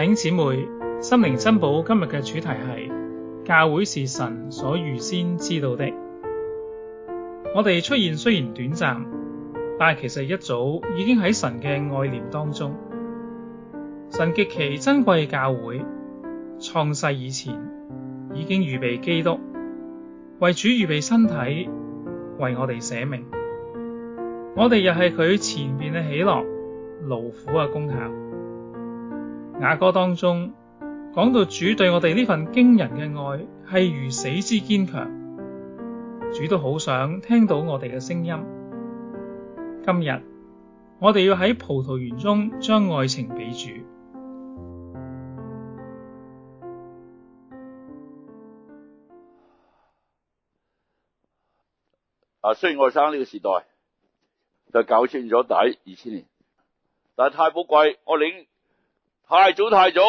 弟兄姊妹，心靈珍寶今日嘅主題係：教會是神所預先知道的。我哋出現雖然短暫，但其實一早已經喺神嘅愛念當中。神極其珍貴嘅教會，創世以前已經預備基督，為主預備身體，為我哋寫名。我哋又係佢前面嘅喜樂、勞苦嘅功效。雅歌當中講到主對我哋呢份驚人嘅愛係如死之堅強，主都好想聽到我哋嘅聲音。今日我哋要喺葡萄園中將愛情俾主。啊，雖然我生呢個時代就搞穿咗底二千年，但係太寶貴，我領。太早太早，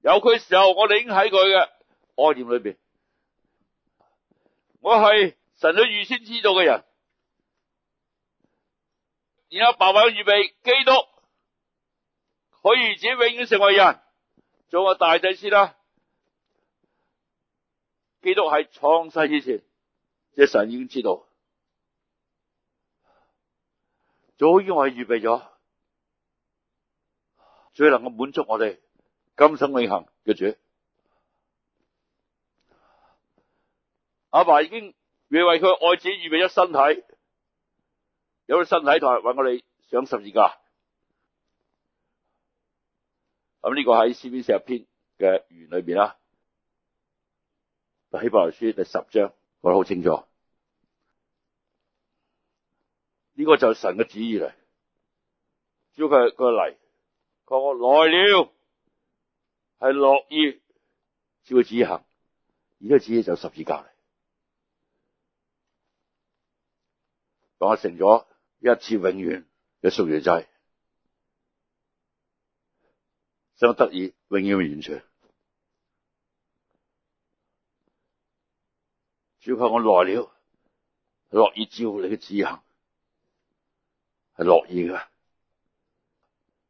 有佢時候我哋已經喺佢嘅概念裏邊。我係神所預先知道嘅人，然後白白預備基督，可以自己永遠成為人，做我大祭司啦。基督喺創世之前，即係神已經知道，早已經我預備咗。最能夠滿足我哋今生永恆嘅主，阿爸已經預備佢愛子預備咗身體，有咗身體同埋為我哋上十字架。咁呢個喺《詩篇》四十篇嘅預言裏邊啦，《希伯來書》第十章講得好清楚，呢、這個就係神嘅旨意嚟，主要佢佢嚟。當我來了，係樂意照佢旨行，而自己就十字架嚟。當我成咗一次永遠嘅贖罪祭，想得以永遠咪完全主要靠我來了，樂意照你嘅旨行，係樂意噶。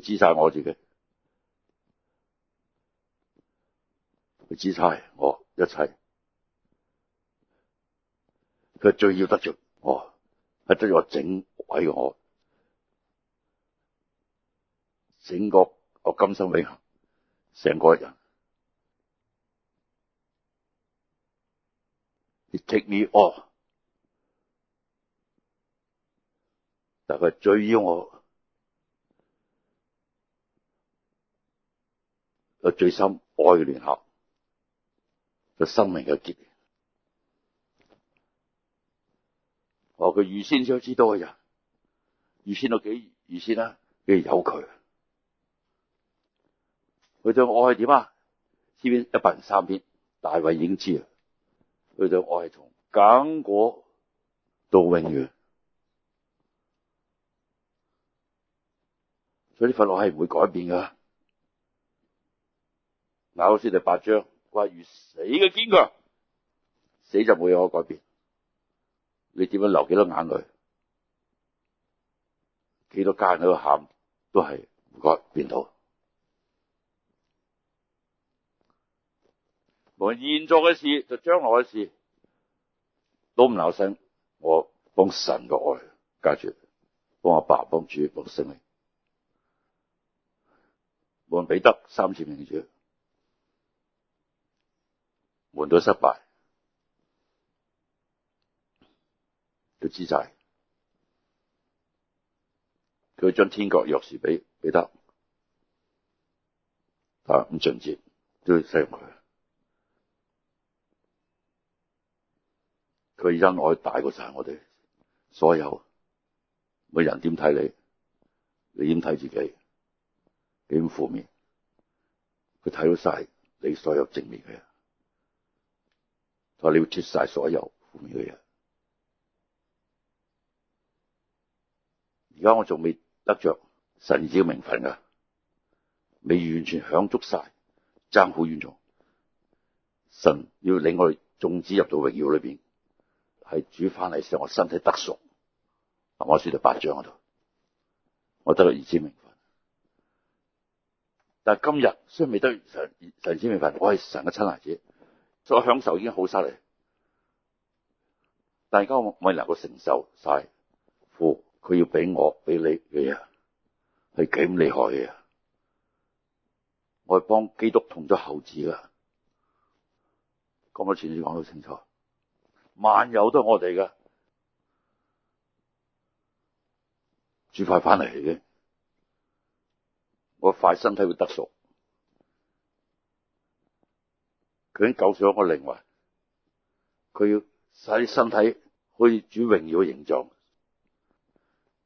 支晒我自己，佢支晒我一切，佢最要得着我，係得住我整鬼我，整個我今生永恒，成個人，你 take me all 但係佢最要我。最深愛嘅聯合，個生命嘅結。我佢預先想知道嘅人，預先都幾預先啊？你有佢，佢對愛係點啊？詩篇一百零三篇，大衛已經知啦。佢對愛係從亙古到永遠，所以呢份愛係唔會改變噶。嗱，老師第八章，佢話：如死嘅堅強，死就冇嘢可改變。你點樣流幾多眼淚，幾多家人喺度喊，都係唔改變到。無論現在嘅事，就將來嘅事，都唔留心。我幫神嘅愛隔住，幫阿爸，爸，幫主，幫聖靈。無論彼得三次名主。換到失敗，佢知晒，佢將天國鑰匙俾俾得啊，咁盡接都要使用佢。佢恩愛大過晒我哋所有。冇人點睇你？你點睇自己？點負面？佢睇到晒你所有正面嘅。佢話你要脫晒所有負面嘅嘢，而家我仲未得着神子嘅名分㗎，未完全享足晒，爭好遠。重神要領我哋眾子入到榮耀裏邊，係煮翻嚟時，我身體得熟。我書到八章嗰度，我得咗兒子名分，但係今日雖然未得神神子名分，我係神嘅親孩子。所以享受已經好犀利，但而家我未能夠承受晒。父佢要俾我俾你嘅嘢係幾咁厲害嘅？我幫基督同咗猴子啦，咁多前次講到清楚，萬有都係我哋嘅，煮快翻嚟嘅，我塊身體會得熟。佢已經救咗我個靈魂，佢要使身體去以主榮耀嘅形狀。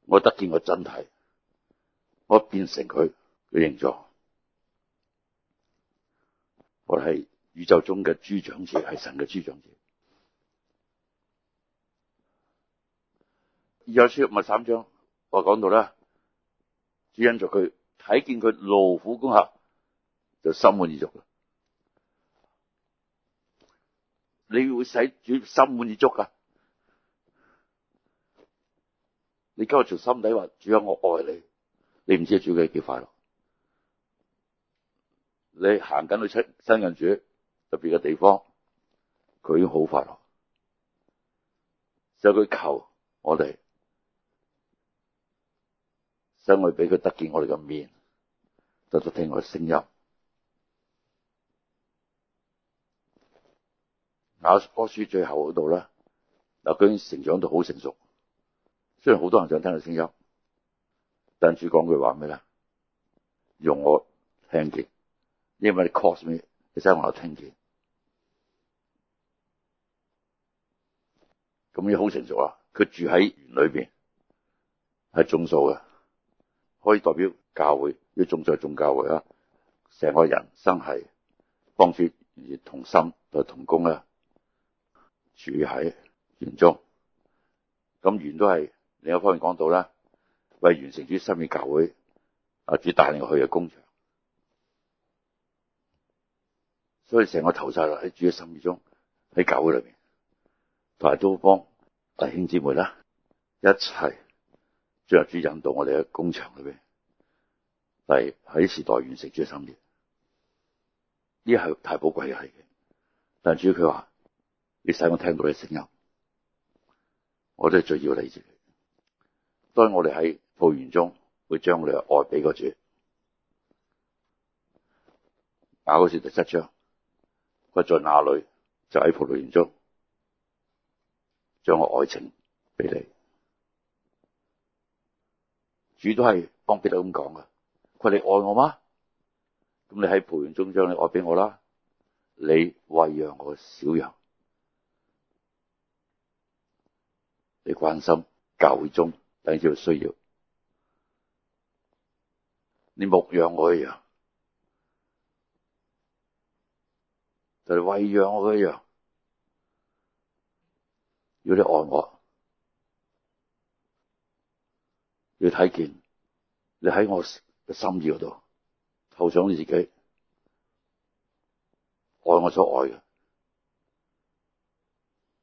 我得見個真體，我變成佢嘅形狀，我係宇宙中嘅豬長者，係神嘅豬長者。二廿四物三章，我講到啦，主恩在佢睇見佢勞苦功下，就心滿意足啦。你會使主心滿意足噶？你今日從心底話主啊，我愛你，你唔知主嘅幾快樂。你行緊去出親近主特別嘅地方，佢已經好快樂。就佢求我哋，想我哋俾佢得見我哋嘅面，得到聽我哋聲音。雅歌書最後度呢，嗱佢成長到好成熟，雖然好多人想聽到聲音，但主講句話咩咧？用我聽見，因為你 call 咩？你使我聽見。咁你好成熟啊，佢住喺園裏邊係種樹嘅，可以代表教會，要種就種教會啊，成個人生係幫助同心同工啊！住喺園中，咁原都係另一方面講到啦，為完成主心意教會，阿主帶領我去嘅工場，所以成個頭晒落喺主嘅心意中，喺教會裏邊，同埋都幫弟兄姊妹啦，一齊將阿主引到我哋嘅工場裏邊，係喺時代完成主嘅心意，呢係太寶貴嘅係嘅，但主佢話。你使我聽到你嘅聲音，我都係最要理嚟住。當我哋喺葡萄園中會將你嘅愛畀個主，打歐士第七章佢在那裏？就喺葡萄園中將我愛情俾你。主都係幫彼得咁講嘅。佢話你愛我嗎？咁你喺葡萄園中將你愛俾我啦。你喂養我小羊。你關心教會中等之需要，你牧養我的一樣，就係餵養我嘅一樣，要你愛我，要睇見你喺我嘅心意嗰度投上你自己，愛我所愛嘅。